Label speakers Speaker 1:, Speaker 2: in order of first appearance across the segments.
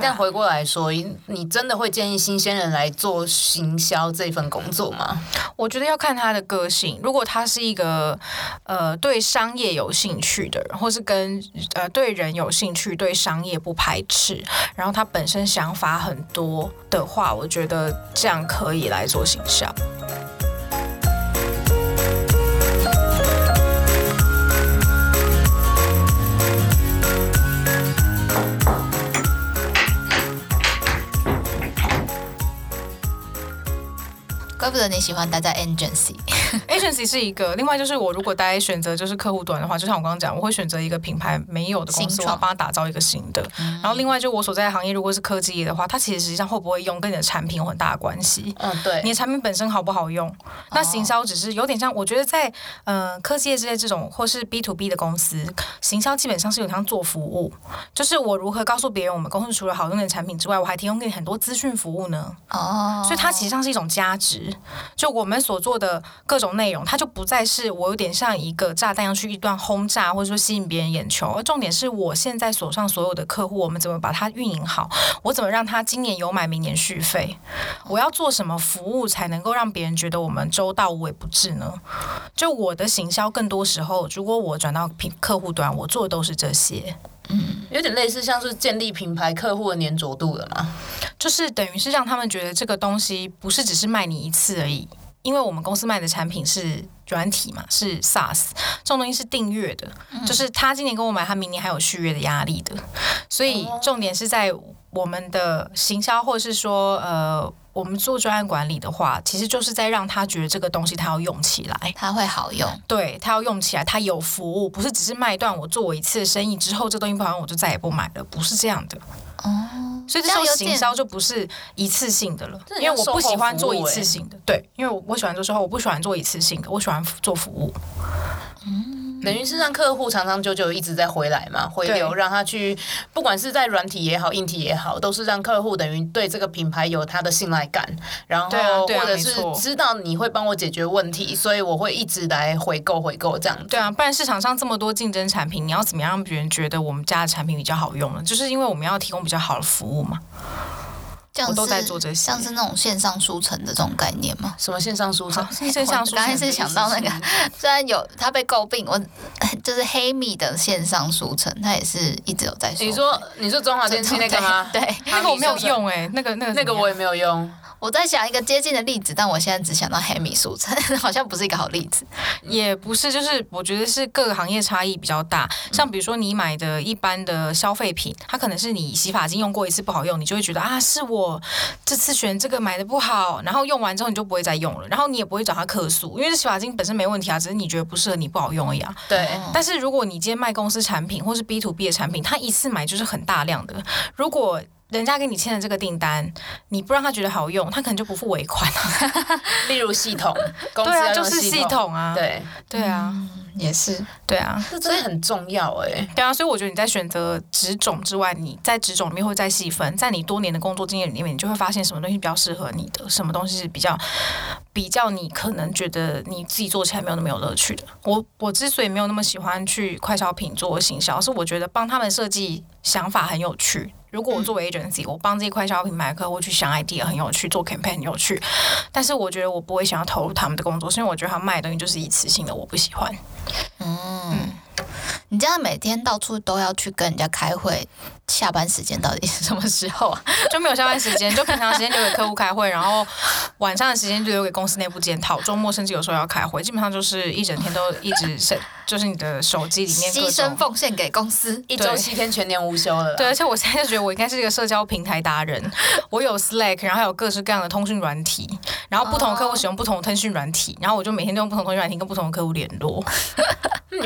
Speaker 1: 但回過來說，你真的會建議新鮮人來做行銷這份
Speaker 2: 工作嗎？我覺得要看他的個性。如果他是一個呃對商業有興趣的人，或是跟呃對人有興趣、對商業不排斥，然後他本身想法很多的話，我覺得這樣可以來做行銷。怪不得你喜歡待在 agency？agency 是一個另外，就是我如果大家選擇就是客戶端的話，就像我剛剛講，我會選擇一個品牌沒有的公司，創我要幫他打造一個新的。嗯、然後另外就我所在的行業如果是科技業的話，它其實實際上會不會用跟你的產品有很大的關係。嗯，對，你的產品本身好不好用？哦、那行銷只是有點像，我覺得在嗯、呃、科技業之類這種或是 B to B 的公司，行銷基本上是有像做服務，就是我如何告訴別人，我們公司除了好用的產品之外，我還提供給你很多資訊服務呢。哦，所以它其實上是一種價值。就我們所做的各種內容，它就不再是我有點像一個炸彈要去一段轟炸，或者說吸引別人眼球。而重點是我現在手上所有的客戶，我們怎麼把它運營好？我怎麼讓他今年有買明年續費？我要做什麼服務才能夠讓別人覺得我們周到無微不至呢？就我的行銷，更多時候，如果我轉到品客戶端，我做的都是這些。嗯，有點類似像是建立品牌客戶的粘着度的嘛，就是等於是讓他們覺得這個東西不是只是賣你一次而已，因為我們公司賣的產品是軟體嘛，是 SaaS 這種東西是訂閱的，嗯、就是他今年跟我買，他明年還有續約的壓力的，所以重點是在。我們的行銷，或者是說，呃，我們做專案管理的話，其實就是在讓他覺得這個東西他要用起來，他會好用，對他要用起來，他有服務，不是只是賣斷我做一次生意之後，這東西不好用我就再也不買了，不是這樣的。哦、嗯，
Speaker 3: 所以這樣行銷
Speaker 2: 就不是一次性的了，因為我不喜歡做一次性的，欸、對，因為我我喜歡做售後，我不喜歡做一次性的，我喜歡做服務。嗯。嗯、等於是
Speaker 1: 讓客戶長長久久一直在回來嘛，回流。對讓他去，不管是在軟體也好，硬體也好，都是讓客戶等於對這個品牌有他的信賴感，嗯、然後對啊、對啊、或者是知道你會幫我解決問題，錯所以我會一直來回購、回購這樣
Speaker 2: 子。對啊，不然市場上這麼多競爭產品，你要怎麼樣讓別人覺得我們家的產品比較好用呢？就是因為我們要提供比較好的服務嘛。我都在做
Speaker 3: 這些，像是那種線上書城的這種概念嗎？什麼線上書城？線上書城。我剛才是想到那個，雖然有他被詬病，我就是黑米的線上書城，他也是一直有在說。欸、你說
Speaker 1: 你說中華電器那個嗎？對，
Speaker 3: 對那個我沒有用誒、欸，
Speaker 2: 那個那個那個我也
Speaker 3: 沒有用。我在想一個接近的例子，但我現在只想到黑米素材，
Speaker 2: 好像不是一個好例子，也不是。就是我覺得是各個行業差異比較大，嗯、像比如說你買的一般的消費品，它可能是你洗髮精用過一次不好用，你就會覺得啊，是我這次選這個買的不好，然後用完之後你就不會再用了，然後你也不會找他客訴，因為洗髮精本身沒問題啊，只是你覺得不適合你，不好用而已、啊。對、嗯。但是如果你今天賣公司產品或是 B to B 的產品，它一次買就是很大量的，如果。人家給你簽的這個訂單，你不讓他覺得好用，他可能就不付尾款。
Speaker 1: 例如系統，系統啊 對啊，就是系統啊。對，對
Speaker 2: 啊，也是，對啊，這真的很重要哎、欸。對啊，所以我覺得你在選擇職種之外，你在職種裡面會再細分，在你多年的工作經驗裡面，你就會發現什麼東西比較適合你的，什麼東西是比較比較你可能覺得你自己做起來沒有那麼有樂趣的。我我之所以沒有那麼喜歡去快消品做行銷，是我覺得幫他們設計想法很有趣。如果我作為 agency，我幫這一快消品牌客戶，我去想 idea 很有趣，做 campaign 很有趣，但是我覺得我不會想要投入他們的工作，是因為我覺得他賣的東西就是一次性的，我不喜歡。
Speaker 3: 嗯，你這樣每天到處都要去跟人家開會。下班時間到底是什麼時候
Speaker 2: 啊？就沒有下班時間，就平常時間留給客戶開會，然後晚上的時間就留給公司內部檢討。週末甚至有時候要開會，基本上就是一整天都一直是，就是你的手機裡面犧牲奉獻給公司，對一週七天全年無休了。對，而且我現在就覺得我應該是一個社交平台達人，我有 Slack，然後還有各式各樣的通訊軟體，然後不同的客戶使用不同的通訊軟體，然後我就每天都用不同的通訊軟體跟不同的客戶聯絡。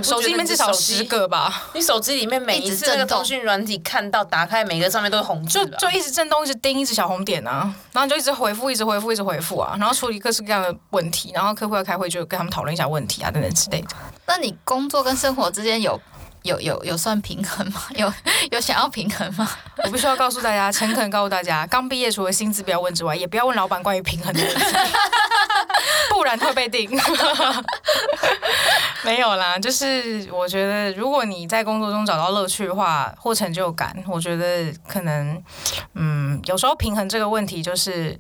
Speaker 1: 手機裡面至少十
Speaker 2: 個吧？你手機裡面每一次那個通訊軟體看到打開每個上面都是紅，就就一直震動，一直叮，一直小紅點啊，然後就一直回復，一直回復，一直回復啊，然後處理各式各樣的問題，然後客戶要開會就跟他們討論一下問題啊等等之類的。那你工作跟生活之間有有有有算平衡嗎？有有想要平衡嗎？我必須要告訴大家，誠懇告訴大家，剛畢業除了薪資不要問之外，也不要問老闆關於平衡的問題。 不然會被定。 沒有啦，就是我覺得，如果你在工作中找到樂趣的話或成就感，我覺得可能，嗯，有時候平衡這個問題就是。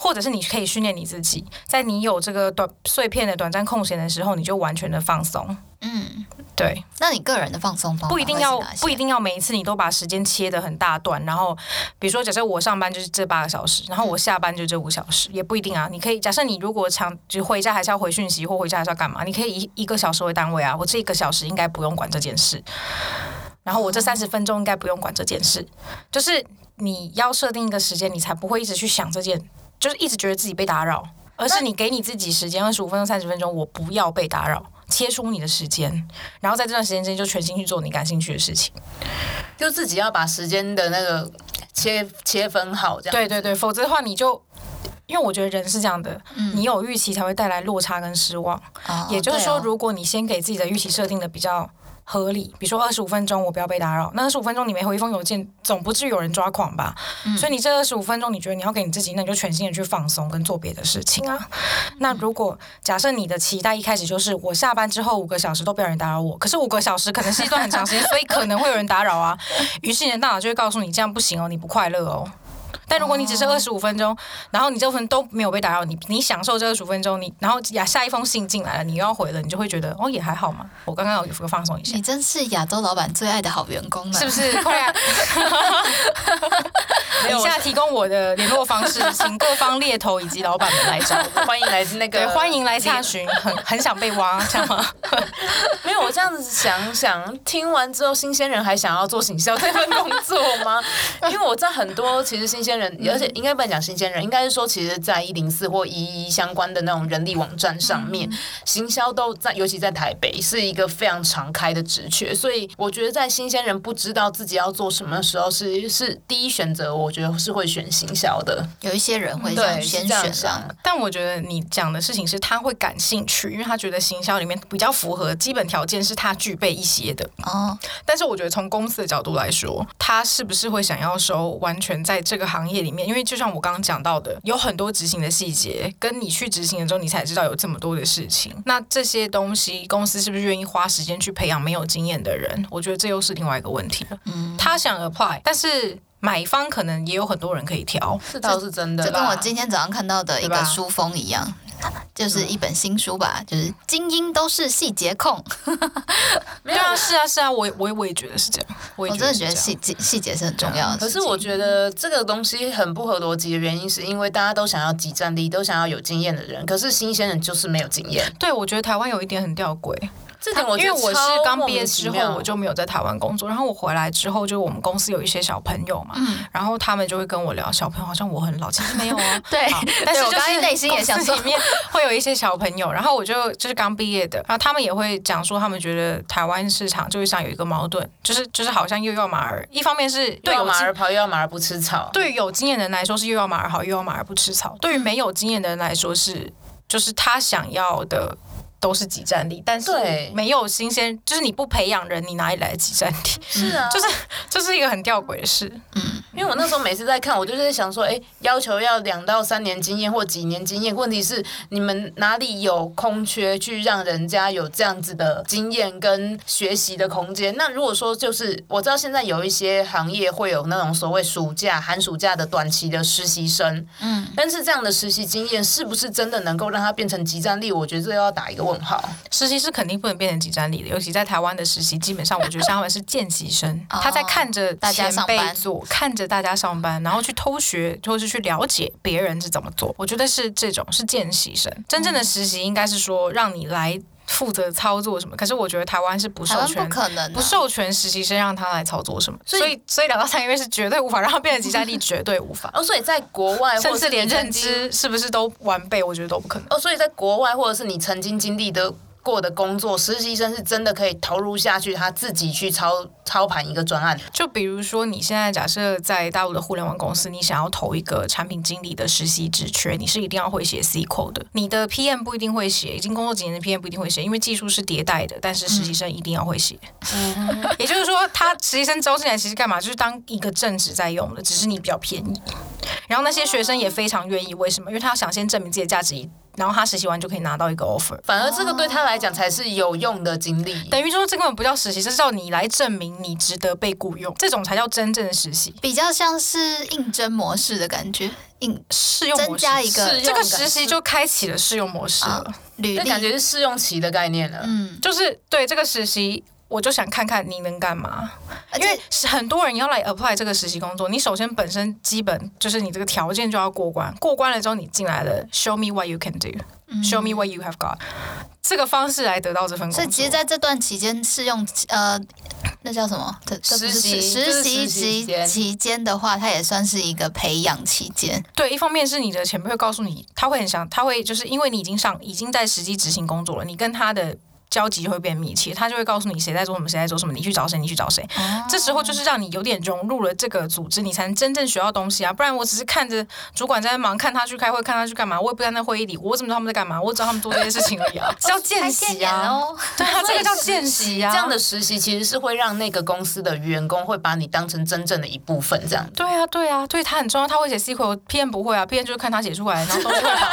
Speaker 2: 或者是你可以訓練你自己，在你有這個短碎片的短暫空閒的時候，你就完全的放鬆。嗯，對。那你個人的放鬆方法不一定要不一定要每一次你都把時間切得很大段，然後比如說假設我上班就是這八個小時，然後我下班就這五小時，嗯、也不一定啊。你可以假設你如果想，就回家還是要回訊息或回家還是要幹嘛？你可以以一個小時為單位啊，我這一個小時應該不用管這件事，然後我這三十分鐘應該不用管這件事，嗯、就是你要設定一個時間，你才不會一直去想這件。就是一直覺得自己被打擾，而是你給你自己時間二十五分鐘、三十分鐘，我不要被打擾，切出你的時間，然後在這段時間之間就全心去做你感興趣的事情，就自己要把時間的那個切切分好，這樣，對對對。否則的話你就，因為我覺得人是這樣的，你有預期才會帶來落差跟失望，嗯，也就是說，如果你先給自己的預期設定的比較合理，比如說二十五分鐘，我不要被打擾。那二十五分鐘你沒回一封郵件，總不至於有人抓狂吧？嗯、所以你這二十五分鐘，你覺得你要給你自己呢，那你就全心的去放鬆跟做別的事情啊。嗯、那如果假設你的期待一開始就是我下班之後五個小時都不要人打擾我，可是五個小時可能是一段很長時間， 所以可能會有人打擾啊。於是你的大腦就會告訴你這樣不行哦，你不快樂哦。但如果你只是二十五分鐘，哦、然後你這份都沒有被打擾，你你享受這二十五分鐘，你然後呀下一封信進來了，你又要回了，你就會覺得哦也還好嘛。我剛剛有個放鬆一下。你真是亞洲老闆最愛的好員工了，是不是？快呀。 沒有，現在提供我的聯絡方式，請各方獵頭以及老板們來找我。歡迎來那個，對，歡迎來查詢。很很想被挖，這樣嗎？
Speaker 1: 沒有，我這樣子想想，聽完之後，新鮮人還想要做行銷這份工作嗎？因為我在很多其實新鮮人，而且應該不能講新鮮人，應該是說其實在一零四或一一一相關的那種人力網站上面，行銷都在，尤其在台北是一個非常常開的職缺，所以我覺得在新鮮人不知道自己要做什麼的時候是是第一選
Speaker 2: 擇。我覺得是會選行銷的，有一些人會對先選上。但我覺得你講的事情是他會感興趣，因為他覺得行銷裡面比較符合基本條件是他具備一些的。哦，但是我覺得從公司的角度來說，他是不是會想要說完全在這個行業裡面，因為就像我剛剛講到的，有很多執行的細節，跟你去執行的時候，你才知道有這麼多的事情。那這些東西公司是不是願意花時間去培養沒有經驗的人？我覺得這又是另外一個問題了。嗯，他想 apply，但是。買方可能也有很多人可以挑，是倒是真的。就跟我
Speaker 3: 今天早上看到的一個書
Speaker 2: 封一樣，
Speaker 3: 吧就是一本新書吧，就是精英都是細節控。 沒有啊對啊，
Speaker 1: 是啊，是啊，我我我也覺得是這樣。我,樣我真的覺得細
Speaker 3: 細節是很重要的、嗯。可
Speaker 1: 是我覺得這個東西很不合邏輯的原因，是因為大家都想要即戰力，都想要有經驗的人，
Speaker 2: 可是新鮮人就是沒有經驗。對，我覺得台灣有一點很吊詭。因為我是剛畢業之後，我就沒有在台灣工作。然後我回來之後，就我們公司有一些小朋友嘛，然後他們就會跟我聊。小朋友好像我很老，其實沒有啊。對，但是我內心也想說，會有一些小朋友。然後我就就是剛畢業的，然後他們也會講說，他們覺得台灣市場就是想有一個矛盾，就是就是好像又要馬兒，一方面是，對馬兒跑，又要馬兒不吃草。對於有經驗的人來說是又要馬兒好，又要馬兒不吃草。對於沒有經驗的人來說是，就是他想要的。都是即戰力，但是沒有新鮮，對就是你不培養人，你哪裡來的即戰力？是啊，就是這、就是一個很吊詭的事。嗯，因為我
Speaker 1: 那時候每次在看，我就是在想說，哎、欸，要求要兩到三年經驗或幾年經驗，問題是你們哪裡有空缺去讓人家有這樣子的經驗跟學習的空間？那如果說就是我知道現在有一些行業會有那種所謂暑假、寒暑假的短期的實習生，嗯，但是這樣的實習經驗是不是真的能夠
Speaker 2: 讓他變成即戰力？我覺得這要打一個。問號。實習是肯定不能變成競爭力的，尤其在台灣的實習，基本上我覺得他們是見習生， 哦、他在看着前輩大家看着大家上班，然後去偷學，或是去了解別人是怎麼做。我覺得是這種是見習生，真正的實習應該是說讓你來。負責操作什麼？可是我覺得台灣是不授權，不可能、啊、不授權實習生讓他來操作什麼。所以，所以，所以兩到三個月是絕對無法讓他變成即戰力，絕對無法。 哦，所以在國外或是，甚至連認知是不是都完備，我覺得都不可
Speaker 1: 能。哦，所以在國外，或者是你曾經經歷的。做的工作，實習生是真的可以投入下
Speaker 2: 去，他自己去操操盤一個專案。就比如說，你現在假設在大陸的互聯網公司，你想要投一個產品經理的實習職缺，你是一定要會寫 C Code 的。你的 PM 不一定會寫，已經工作幾年的 PM 不一定會寫，因為技術是迭代的。但是實習生一定要會寫。嗯、 也就是說，他實習生招進來其實幹嘛？就是當一個正職在用的，只是你比較便宜。然後那些學生也非常願意，oh. 為什麼？因為他想先證明自己的價值，然後他實習完就可以拿到一個 offer。反而這個對他來講才是有用的經歷，oh. 等於說，這根本不叫實習，這是叫你來證明你值得被雇用，這種才叫真正的實習，比較像是應徵模式的感覺，應試用加一個模式。試這個實習就開啟了
Speaker 1: 試用模式了，就、啊、感
Speaker 2: 覺是試用期的
Speaker 1: 概念了。嗯，
Speaker 2: 就是對這個實習。我就想看看你能幹嘛，且因為很多人要來 apply 這個實習工作，你首先本身基本就是你這個條件就要過關，過關了之後你進來了，show me what you can do，嗯、show me what you have got，這個方式來得到這份工作。所以，其實在這段期間試用，
Speaker 3: 呃，那叫什麼？實習習實習實習期間的話，它也算是一個培養期間。
Speaker 2: 對，一方面是你的前輩會告訴你，他會很想，他會就是因為你已經上已經在實際執行工作了，你跟他的。交集就會變密切，他就會告訴你誰在做什麼，誰在做什麼，你去找誰，你去找誰。Oh. 這時候就是讓你有點融入了這個組織，你才能真正學到東西啊！不然我只是看着主管在忙，看他去開會，看他去幹嘛，我也不在那會議裡，我怎麼知道他們在幹嘛？我只知道他們做這些事情而已啊！ 叫見習啊，哦、對啊，以這個叫見習啊。這樣的
Speaker 1: 實習其實是會讓那個公司的員工會把你當成真正的一部分，這樣
Speaker 2: 對、啊。對啊，對啊，對，啊對他很重要。他會寫 SQL，PM 不會啊，PM 就就看他寫出來，然後都去、啊。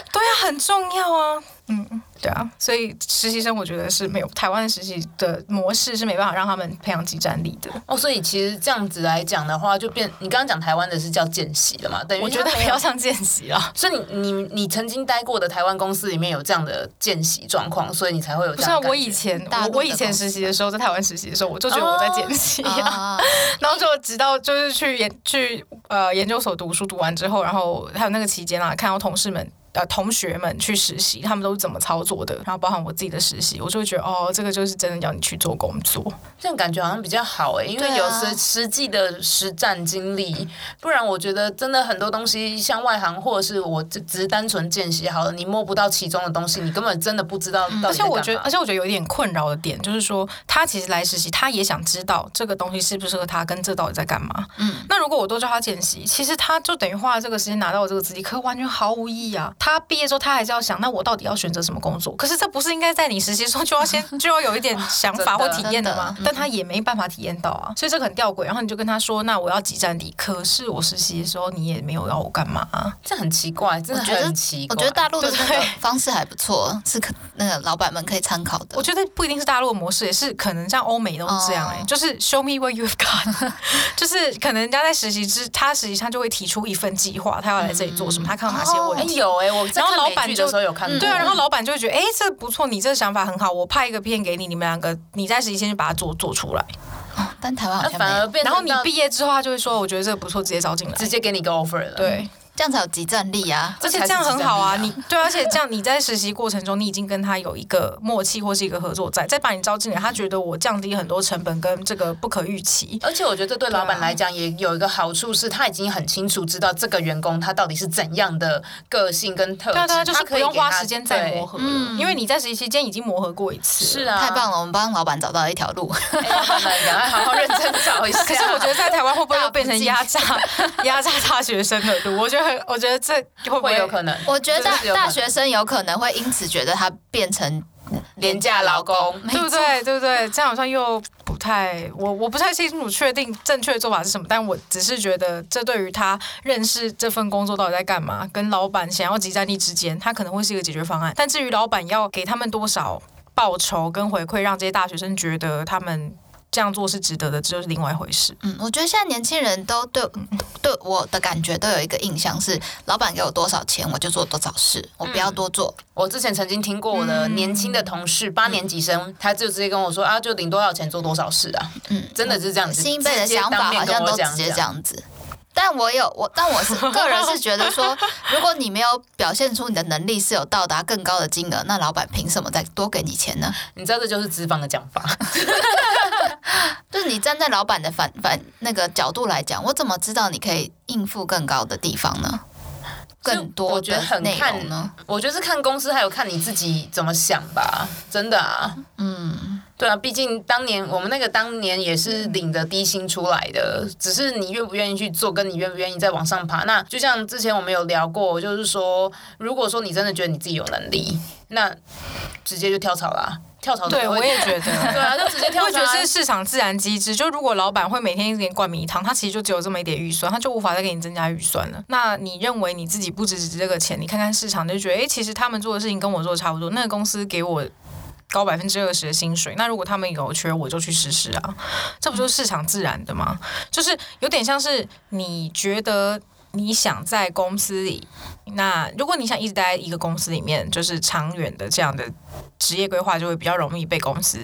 Speaker 2: 對啊，很重要啊。嗯，對啊，所以實習生我覺得是沒有，台灣的實習的模式是沒辦法讓他們培養實戰力的。哦，所以其實這樣子來講的話，就
Speaker 1: 變你剛剛講台灣的是叫見習的嘛？等於我覺得比較像見習啊。所以你你你，你曾經待過的台灣公司裡面有這樣的見習狀況，所以你才會有這樣。像我以前我我以前
Speaker 2: 實習的時候，在台灣實習的時候，我就覺得我在見習啊。哦，然後就直到就是去研去呃研究所讀書讀完之後，然後還有那個期間啊，看到同事們。呃、啊，同學們去實習，他們都是怎麼操作的？然後包含我自己的實習，我就會覺得哦，這個就是真的要你去做工作，這樣感覺好像比較好誒，因為有時
Speaker 1: 實際的實戰經歷。啊、不然我覺得真的很多東西像外行或者是我只是單純見習好了，你摸
Speaker 2: 不到其中的東西，你根本真的不知道到底。而且我覺得，而且我覺得有一點困擾的點就是說，他其實來實習，他也想知道這個東西適不適合他，跟這到底在幹嘛。嗯，那如果我都叫他見習，其實他就等於花了這個時間拿到我這個資歷，可完全毫無意義啊。他畢業之後，他還是要想，那我到底要選擇什麼工作？可是這不是應該在你實習的時候就要先就要有一點想法或體驗 的嗎？但他也沒辦法體驗到啊，所以這個很吊詭。然後你就跟他說：“那我要擠佔你。可是我實習的時候，你也沒有要我幹嘛、啊？”這很奇怪，真的覺得很奇怪我覺得。我覺得大陸的、的方式還不錯，對是可那個老闆們可以參考的。我覺得不一定是大陸的模式，也是可能像歐美都是這樣哎、欸，就是 show me what you've got， 就是可能人家在實習之他實習上實際上就會提出一份計劃，他要來這裡做什麼，他看到哪些問題、哦、有哎、欸。我然後老闆就、嗯、對啊，然後老闆就會覺得，哎、欸，這不錯，你這個想法很好，我拍一個片給你，你們兩個你在實習前就把它做做出來。哦、但台灣反而變成。然後你畢業之後他就會說，我覺得這個不錯，直接招進來，直接給你一個 offer 了。對。這樣才有即戰力啊！而且這樣很好啊，啊你對，而且這樣你在實習過程中，你已經跟他有一個默契或是一個合作在，在再把你招進來，他覺得我降低很多成本跟這個不可預期。而且我覺得對老闆來講也有一個
Speaker 1: 好處是，他已經很清楚知道這個員工他到底是怎樣的個性跟特質。對家、啊、就是不
Speaker 2: 用花時間再磨合，嗯嗯、因為
Speaker 3: 你
Speaker 1: 在實習期間已經磨合過一次了。是啊，太棒了，我們幫
Speaker 3: 老闆找到了一條路。老 闆、
Speaker 2: 哎，趕快，快好好認真找一下。 可是我覺得在台灣會不會要變成壓榨？壓不 榨大學生的路，我覺得很。我覺得這會不會，會有可能？我覺得大，大學生有可能會因此覺得他變成廉價勞工，對不對？對不對？這樣好像又不太……我我不太清楚確定正確的做法是什麼，但我只是覺得這對於他認識這份工作到底在幹嘛，跟老闆想要集在地之間，他可能會是一個解決方案。但至於老闆要給他們多少報酬跟回饋，讓這些大學生覺得他們。這樣做是值得的，這就是另外一回事。嗯，我
Speaker 3: 覺得現在年輕人都對我 對我的感覺都有一個印象是，老板給我多少錢我就做多少事，
Speaker 1: 嗯、我不要多做。我之前曾經聽過我的年輕的同事，嗯、八年級生，嗯、他就直接跟我說啊，就領多少錢做多少事啊。嗯，真的是這樣子。新一輩的想法好像都直接這樣
Speaker 3: 子。但我有我，但我是個人是覺得說，如果你沒有表現出你的能力是有到達更高的金額，那老板憑什麼再多給你錢呢？你這就是資方的講法， 就是你站在老板的反反那個角度來講，我怎麼知道你可以應付更高的地方呢？
Speaker 1: 更多我覺得很看呢，我覺得是看公司還有看你自己怎麼想吧，真的啊，嗯。對啊，畢竟當年我們那個當年也是領着低薪出來的，只是你願不願意去做，跟你願不願意再往上爬。那就像之前我們有聊過，就是說，如果說你
Speaker 2: 真的覺得你自己有能力，
Speaker 1: 那直接就跳槽啦，跳槽。對，我也覺得，對啊，就直接跳槽啊。我覺得是
Speaker 2: 市場自然機制，就如果老闆會每天給你灌米湯，他其實就只有這麼一點預算，他就無法再給你增加預算了。那你認為你自己不值這個錢，你看看市場就覺得，哎，其實他們做的事情跟我做的差不多，那個公司給我。高百分之二十的薪水，那如果他們有缺，我就去試試啊，這不就是市場自然的嗎？嗯、就是有點像是你覺得你想在公司裡，那如果你想一直待在一個公司裡面，就是長遠的這樣的職業規劃，就會比較容易被公司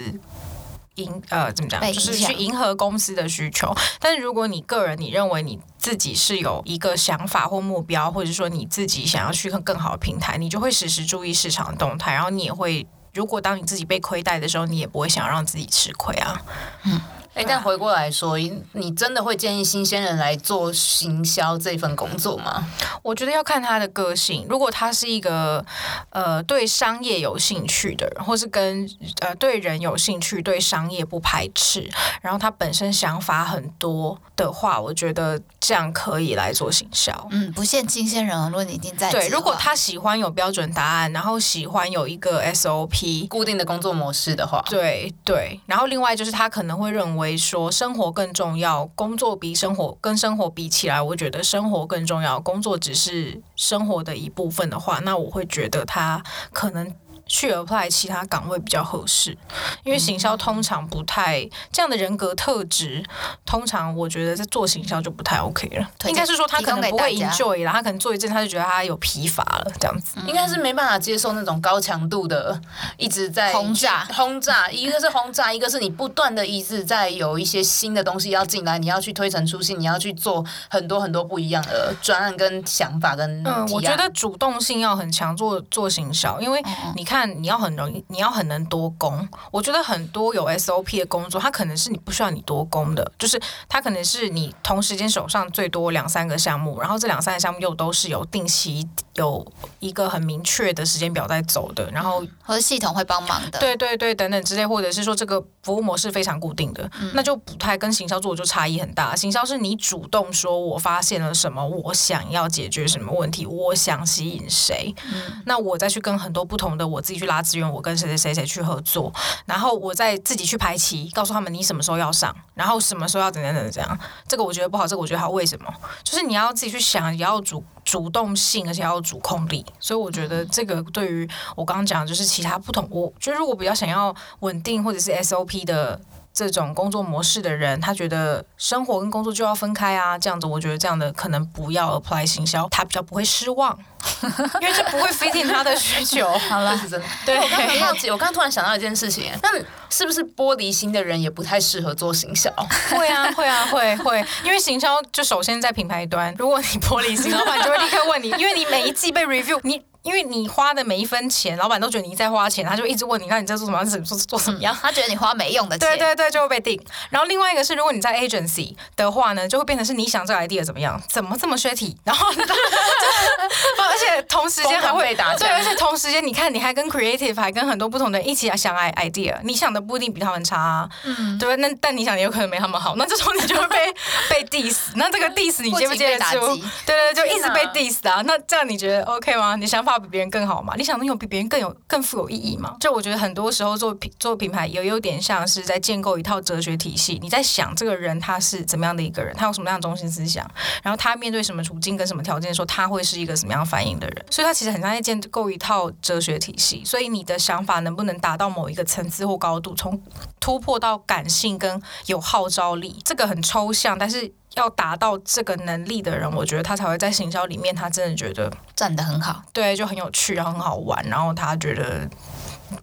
Speaker 2: 迎，呃，怎麼講，就是去迎合公司的需求。但是如果你個人，你認為你自己是有一個想法或目標，或者說你自己想要去更更好的平台，你就會時時注意市場的動態，然後你也會。如果當你自己被虧待的時候，你也不會想要讓自己吃虧啊。嗯。哎，但回過來說，你真的會建議新鮮人來做行銷這份工作嗎？我覺得要看他的個性。如果他是一個呃對商業有興趣的人，或是跟呃對人有興趣、對商業不排斥，然後他本身想法很多的話，我覺得這樣可以來做行銷。嗯，
Speaker 3: 不限新鮮人啊，如果你已
Speaker 2: 經在對，如果他喜歡有標準答案，然後喜歡有一個 SOP 固定的工作模式的話，對對。然後另外就是他可能會認為。說生活更重要，工作比生活，跟生活比起來，我覺得生活更重要。工作只是生活的一部分的話，那我會覺得他可能。去 apply 其他崗位比較合適，因為行銷通常不太、嗯、這樣的人格特質，通常我覺得在做行銷就不太 OK 了。對應該是說他可能不會 enjoy 了，他可能做一陣他就覺得他有疲乏了，這樣子。嗯、應該是沒辦
Speaker 1: 法接受那種高強度的，一直在轟炸轟炸、轟炸，一個是轟炸，一個是你不斷的一直在有一些新的東西要進來，你要去推陳出新，你要去做很多很多不一樣的專案跟想法跟、
Speaker 2: 嗯、我覺得主動性要很強，做做行銷，因為你看嗯嗯。但你要很容易，你要很能多工。我覺得很多有 SOP 的工作，它，可能是你不需要你多工的，就是它可能是你同時間手上最多兩三個項目，然後這兩三個項目又都是有定期有一個很明確的時間表在走的，然後和系統會幫忙的，對對對、對，等等之類，或者是說這個服務模式非常固定的，嗯、那就不太跟行銷做的就差異很大。行銷是你主動說，我發現了什麼，我想要解決什麼問題，我想吸引誰，嗯、那我再去跟很多不同的我。自己去拉資源，我跟誰誰誰誰去合作，然後我再自己去排期，告訴他們你什麼時候要上，然後什麼時候要怎樣怎樣。這樣。這個我覺得不好，這個我覺得好，為什麼？就是你要自己去想，也要主主動性，而且要有主控力。所以我覺得這個對於我剛剛講，就是其他不同，我就是我比較想要穩定或者是 SOP 的。這種工作模式的人，他覺得生活跟工作就要分開啊，這樣子，我覺得這樣的可能不要 apply 行銷，他比較不會失望， 因為這不會 fitting 他的需求。 好了啦，是真
Speaker 1: 的。對，我剛剛很好奇， 我剛突然想到一件事情，那 是不是玻璃心的人也不太適合做行銷？
Speaker 2: 會啊，會啊，會會，因為行銷就首先在品牌端， 如果你玻璃心的話，就會立刻問你， 因為你每一季被 review，你。因為你花的每一分錢，老闆都覺得你在花錢，他就一直問你，那你在做什麼？怎做做什麼樣，嗯？他覺得你花沒用的錢。對對對，就會被定。然後另外一個是，如果你在 agency 的話呢，就會變成是你想這個 idea 怎麼樣？怎麼這麼 shitty？然後就 而且同時間還會被打，對，而且同時間你看你還跟 creative 還跟很多不同的人一起來想 idea，你想的不一定比他們差，啊，嗯，對，對那但你想也有可能沒他們好，那這種你就會被 被 diss，那這個 diss 你接不接得住？打擊對對，就一直被 diss 啊。那這樣你覺得 OK 嗎？你想畫比別人更好嗎？你想擁有比別人更有、更富有意義嗎？就我覺得很多時候做品、做品牌也有，有點像是在建構一套哲學體系。你在想這個人他是怎麼樣的一個人？他有什麼樣的中心思想？然後他面對什麼處境跟什麼條件的時候，他會是一個什麼樣反應的人？所以他其實很像在建構一套哲學體系。所以你的想法能不能達到某一個層次或高度，從突破到感性跟有號召力，這個很抽象，但是。要達到這個能力的人，我覺得他才會在行銷裡面，他真的覺得站得很好，對，就很有趣，啊，然後很好玩，然後他覺得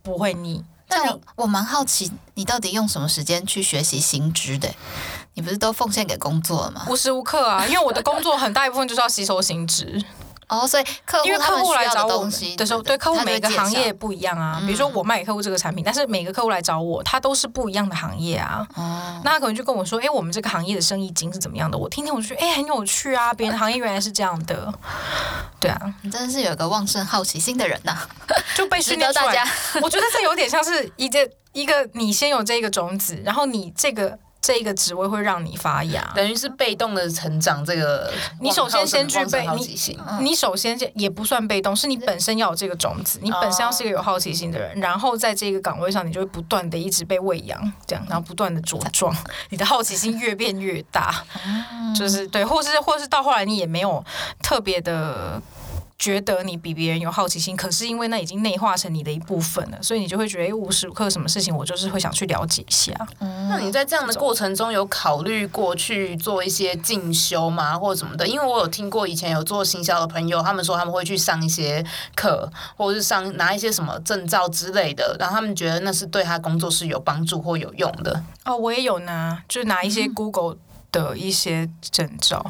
Speaker 2: 不會膩。但我、這個，我蠻好奇，你到
Speaker 3: 底用什麼時間去學習新知的？你不是都奉獻給工作了嗎？
Speaker 2: 無時無刻啊，因為我的工作很大一部分就是要吸收新知。 哦，oh, 所以客戶，因為客戶，客戶來找我的時候，對，對，對客戶每個行業不一樣啊。比如說我賣給客戶這個產品，嗯、但是每個客戶來找我，他都是不一樣的行業啊。哦、嗯，那可能就跟我說：“誒、欸，我們這個行業的生意經是怎麼樣的？”我聽聽我去，我就覺得欸、很有趣啊。別人行業原來是這樣的， 對啊，你真的是有個旺盛好奇心的人吶、啊， 就被訓練出來。 到大 我覺得這有點像是一件，一個你先有這個種子，然後你這個。這個職位會讓你發芽，等於是被動的成長。這個你首先先具備你，你首先也不算被動，是你本身要有這個種子，你本身要是一個有好奇心的人，然後在這個崗位上，你就會不斷的一直被餵養，這樣，然後不斷的茁壯，你的好奇心越變越大，就是對，或是或是到後來你也沒有特別的。覺得你比別人有好奇心，可是因為那已經內化成你的一部分了，所以你就會覺得無時無刻什麼事情，我就是會想去了解一下。嗯，
Speaker 1: 那你在這樣的過程中有考慮過去做一些進修嗎？或者什麼的？因為我有聽過以前有做行銷的朋友，他們說他們會去上一些課，或者是上拿一些什麼證照之類的，然後他們覺得那是對他工作是有幫助或有用的。
Speaker 2: 哦，我也有拿，就拿一些 Google，嗯。的一些證照，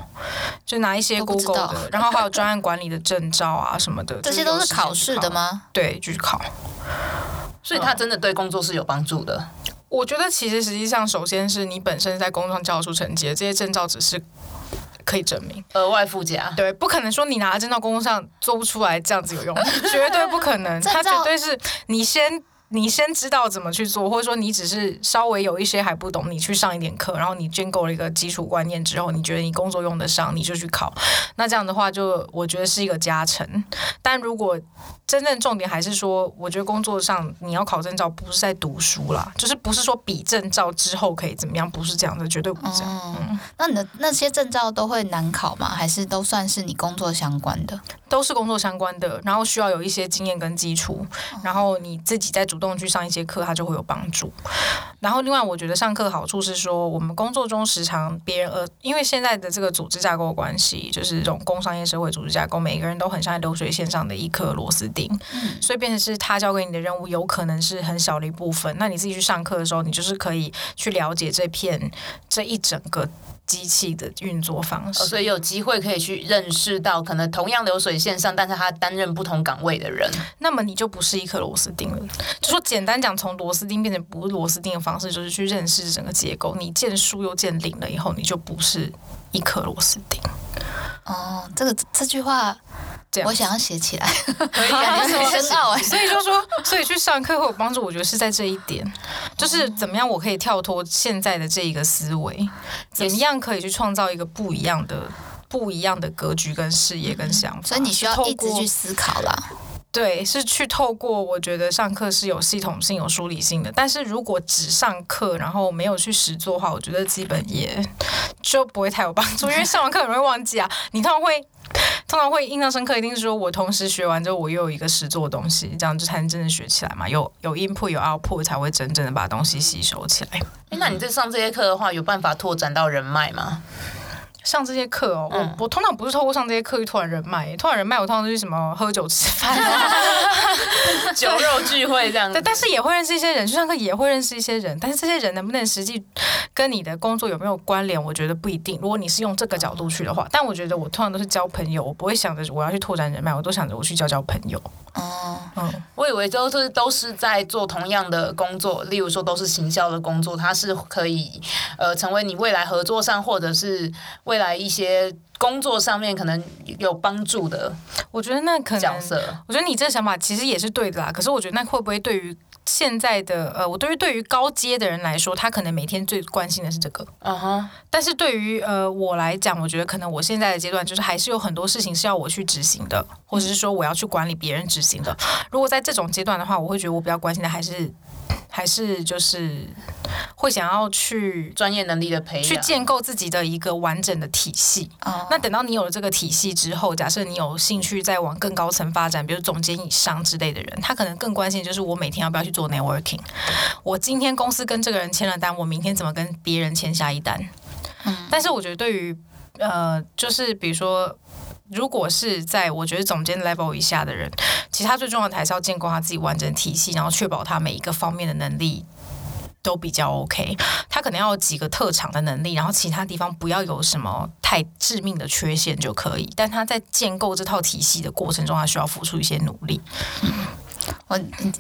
Speaker 2: 就拿一些 Google，然後還有專案管理的證照啊什麼的，這些都是考試的嗎？對，去考。呃，所以他真的對工作是有幫助的。我覺得其實實際上，首先是你本身在工作上交出成績，這些證照只是可以證明額外附加。對，不可能說你拿的證照工作上做不出來，這樣子有用， 絕對不可能。他絕對是你先。你先知道怎麼去做，或者說你只是稍微有一些還不懂，你去上一點課，然後你建構了一個基礎觀念之後，你覺得你工作用得上，你就去考。那這樣的話，就我覺得是一個加成。但如果真正重點還是說，我覺得工作上你要考證照，不是在讀書啦，就是不是說比證照之後可以怎麼樣，不是這樣的，絕對不是這樣。
Speaker 3: 嗯嗯，那你的那些證照都會難
Speaker 2: 考嗎？還是都算是你工作相關的？都是工作相關的，然後需要有一些經驗跟基礎，然後你自己再主動去上一些課，它就會有幫助。然後另外，我覺得上課好處是說，我們工作中時常別人呃，因為現在的這個組織架構關係，就是這種工商業社會組織架構，每個人都很像流水線上的一顆螺絲。嗯、所以變成是他交給你的任務，有可能是很小的一部分。那你自己去上課的時候，你就是可以去了解這片這一整個機器的運作方式。哦、所
Speaker 1: 以有機會可以去認識到，可能同樣流水線上，但是他擔任不同崗位的人，
Speaker 2: 那麼你就不是一顆螺絲釘了。就說簡單講，從螺絲釘變成不是螺絲釘的方式，就是去認識整個結構。你見樹又見林了，以後你就不是一顆螺絲釘。
Speaker 3: 哦、嗯，這個這，這句話。這樣我想要寫起來，
Speaker 2: 很 所以就說，所以去上課會有幫助。我覺得是在這一點，就是怎麼樣我可以跳脫現在的這一個思維，怎麼樣可以去創造一個不一樣的、不一樣的格局跟視野跟想法。嗯、所以你需要一直透過去思考了。對，是去透過，我覺得上課是有系統性、有梳理性的。但是如果只上課，然後沒有去實做的話，我覺得基本也就不會太有幫助，因為上完課很容易忘記啊。你通常會。通常會印象深刻，一定是說我同時學完之後，我又有一個實作東西，這樣子才能真的學起來嘛。有有 input 有 output 才會真正的把東西吸收起來。嗯，那你在上這些課的話，有辦法拓展到人脈嗎？上這些課哦，我不、嗯、我通常不是透過上這些課去拓展人脈，拓展人脈我通常都是什麼喝酒吃飯、酒肉聚會這樣子。對，對，但是也會認識一些人去上課，也會認識一些人，但是這些人能不能實際跟你的工作有沒有關聯，我覺得不一定。如果你是用這個角度去的話，嗯、但我覺得我通常都是交朋友，我不會想着我要去拓展人脈，我都想着我去交交朋友。嗯
Speaker 1: 嗯，我以為都是都是在做同樣的工作，例如說都是行銷的工作，它是可以呃成為你未來合作上或者是未來一些
Speaker 2: 工作上面可能有幫助的。我覺得那可能角色，我覺得你這想法其實也是對的啦。可是我覺得那會不會對於？現在的呃，我對於對於高階的人來說，他可能每天最關心的是這個。嗯哼、uh-huh。但是對於呃我來講，我覺得可能我現在的階段，就是還是有很多事情是要我去執行的，或者是說我要去管理別人執行的。如果在這種階段的話，我會覺得我比較關心的還是。還是就是會想要去專業能力的培養，去建構自己的一個完整的體系。哦，那等到你有了這個體系之後，假設你有興趣再往更高層發展，比如總監以上之類的人，他可能更關心就是我每天要不要去做 networking？對我今天公司跟這個人簽了單，我明天怎麼跟別人簽下一單？嗯，但是我覺得對於呃，就是比如說。如果是在我覺得總監 level 以下的人，其實他最重要的還是要建構他自己完整體系，然後確保他每一個方面的能力都比較 OK。他可能要有幾個特長的能力，然後其他地方不要有什麼太致命的缺陷就可以。但他在建構這套體系的過程中，他需要付出一些努力。嗯
Speaker 3: 我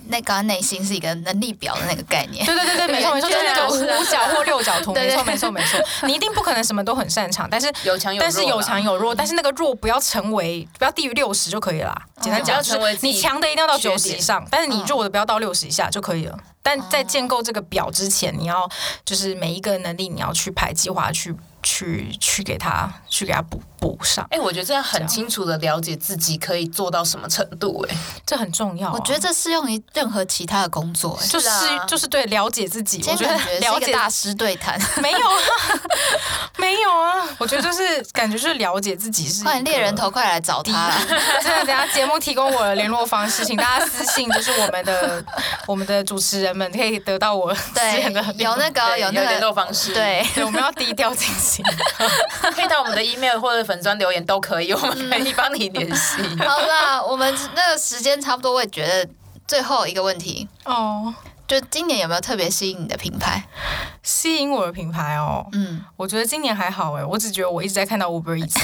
Speaker 3: 那個內心是一個能力表的那個概念，對對對對，沒錯沒錯，就是那種五角或六角圖，沒錯沒錯沒
Speaker 2: 錯，你一定不可能什麼都很擅長，但是有強有弱，但是有強有弱，但是那個弱不要成為不要低於六十就可以了，簡單講就是你強的一定要到九十以上，但是你弱的不要到六十以下就可以了。但在建構這個表之前，你要就是每一個能力你要去排計劃去去去給他去給他補。補上，哎、欸，我覺得這樣很清楚的了解自己可以做到什麼程度，欸，哎，這樣，這很
Speaker 1: 重要，啊。我覺得這適用於任何其他的工作，欸，是啊，就是就
Speaker 2: 是對了解自己。覺對，我覺得了解大
Speaker 3: 師對談，沒有啊，沒有啊。 我覺得就是感覺就是
Speaker 2: 了解自己是。快獵人頭，快來找他！ 現在等下節目提供我的聯絡方式，請大家私信，就是我們的我們的主持人們可以得到我。對，有那個有那個聯絡方式，對，對，我們要低調進行，
Speaker 1: 可以到我們的 email 或者。粉專留言都可以，我們可以幫你聯繫。嗯、 好吧、啊、我們那個時間差不多，
Speaker 3: 我也覺得最後一個問題哦，就今年有沒有特別吸引你的品牌？
Speaker 2: 吸引我的品牌哦，嗯，我覺得今年還好哎，我只覺得我一直在看到 Uber，以前。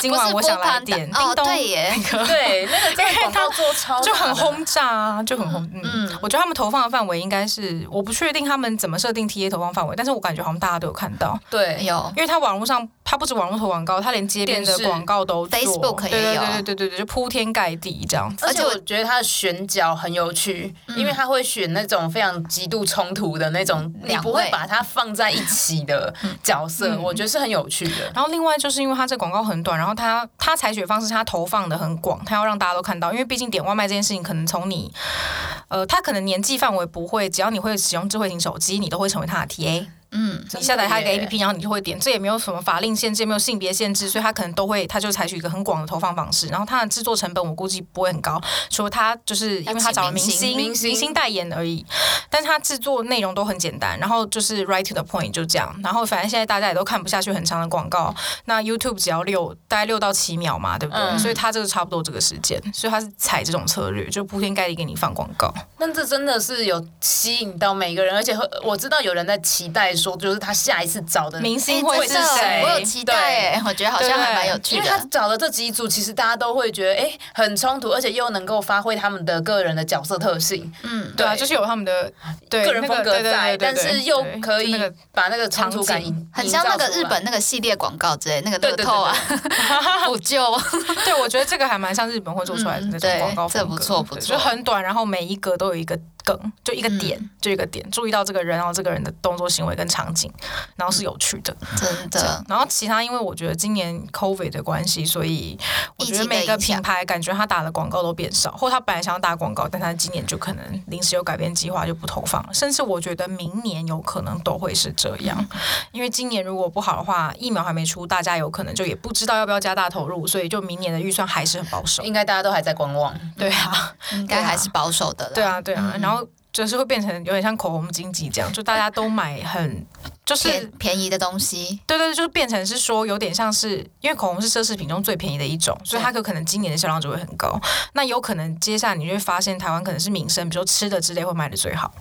Speaker 2: 今晚我想來點，叮咚，對那個，對那個在看到，做超就很轟炸，就很轟。嗯，我覺得他們投放的範圍應該是，我不確定他們怎麼設定 T A 投放範圍，但是我感覺好像大家都有看到，
Speaker 1: 對有，因
Speaker 2: 為他網絡上，他不止網絡投廣告，他連街邊的廣告都 Facebook 也有，對對對對對，就鋪天蓋地這樣，而且
Speaker 1: 我覺得他的選角很有趣，因為他會選那種非常極度衝突的那種。你不會
Speaker 2: 把它放在一起的角色，嗯，我覺得是很有趣的。然後另外就是因為它這廣告很短，然後它它採取的方式，它投放得很廣，它要讓大家都看到。因為畢竟點外賣這件事情，可能從你，呃，他可能年紀範圍不會，只要你會使用智慧型手機，你都會成為他的 TA。嗯，的你下載他一個 APP，然後你就會點，這也沒有什麼法令限制，也沒有性別限制，所以他可能都會，他就採取一個很廣的投放方式。然後他的制作成本我估計不會很高，所以他就是因為他找了明星明星，明星代言而已，但他制作內容都很簡單，然後就是 right to the point 就這樣。然後反正現在大家也都看不下去很長的廣告，那 YouTube 只要六大概六到七秒嘛，對不對？嗯，所以他這個差不多這個時間，所以他是採這種策略，就鋪天蓋地給你放廣告。
Speaker 1: 那這真的是有吸引到每一個人，而且我知道有人在期待。說就是他下一次找的明星會是誰？我有期待，哎，我覺得好像還蠻有趣的。因為他找的這幾組，其實大家都會覺得，哎，很衝突，而且又能夠發揮他們的個人的角色特性。
Speaker 2: 嗯，對，啊，就是有他們的個人風格在，但是又可以
Speaker 1: 把那個衝突感營造出來，很像那個日本那個系列廣告之類，那個
Speaker 2: 特透啊，補救。對，我覺得這個還蠻像日本會做出來的那種廣告風格，這不錯不錯，就很短，然後每一格都有一個梗，就一個點，嗯、就一個點，注意到這個人，然後這個人的動作、行為跟場景，然後是有趣的，嗯、真的。然後其他，因為我覺得今年 COVID 的關係，所以我覺得每個品牌感覺他打的廣告都變少，或他本來想要打廣告，但他今年就可能臨時有改變計劃，就不投放了。甚至我覺得明年有可能都會是這樣，嗯、因為今年如果不好的話，疫苗還沒出，大家有可能就也不知道要不要加大投入，所以就明年的預算還是很保守，應該大家都還在觀望。對啊，應該還是保守的。對啊。對啊，對啊，嗯、然後。就是會變成有點像口紅經濟這樣，就大家都買很。 就是便，便宜的東西，對，對對，就是變成是說有點像是，因為口紅是奢侈品中最便宜的一種，是所以它可可能今年的銷量就會很高。那有可能接下來你就會發現台灣可能是民生，比如說吃的之類會賣的最好，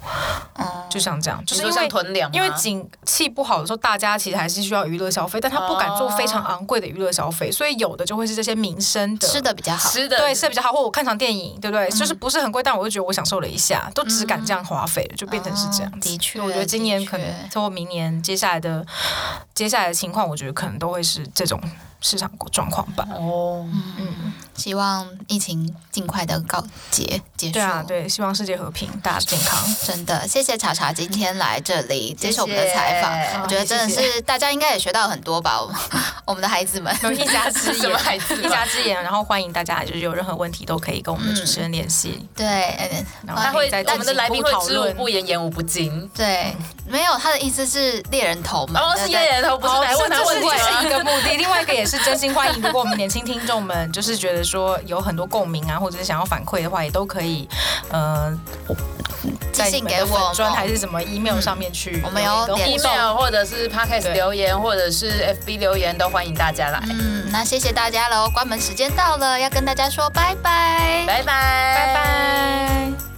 Speaker 2: 嗯，就像這樣，就是因為像囤糧，因為景氣不好的時候，大家其實還是需要娛樂消費，但他不敢做非常昂貴的娛樂消費，所以有的就會是這些民生的吃的比較好，吃的對吃的比較好，或我看場電影，對不對？嗯、就是不是很貴，但我就覺得我享受了一下，都只敢這樣花費，嗯、就變成是這樣。的確、嗯，我覺得今年可能從明年。嗯、接下來的接下來的情況，我覺得可能都會是這種市場狀況吧。哦，嗯嗯。希望疫情儘快的告
Speaker 3: 結結束。對啊，對，希望世界和平，大家健康。真的，謝謝茶茶今天來這
Speaker 2: 裡接受我們的採訪。我覺得真的是
Speaker 3: 大家應該也學到很多吧。我們的孩子
Speaker 2: 們，一家之言，孩子，一家之言。然後歡迎大家，就是有任何問題都可以跟我們的主持人聯繫。
Speaker 3: 對，然後
Speaker 1: 他
Speaker 2: 會在我們的來賓討論。不言言無不盡。
Speaker 3: 對，沒有，他的意思是獵人頭嘛。是獵人頭不是。來問他問題是一個目的，
Speaker 2: 另外一個也是真心歡迎。不過我們年輕聽眾們就是覺得。說有很多共鳴啊，或者是想要反饋的話，也都可以，呃，寄信給我，哦、還是什麼 email 上面去，嗯、都我們有 email，
Speaker 1: 或者是 Podcast 留言，對或者是 FB 留言，都歡迎大家
Speaker 3: 來。嗯，那謝謝大家嘍，關門時間到了，要跟大家說拜拜，拜拜 bye，拜
Speaker 2: 拜。